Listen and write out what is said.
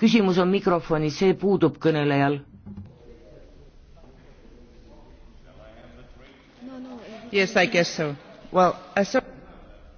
küsimus on mikrofonis, see puudub kõnelejal. Yes, I guess so. Well, I saw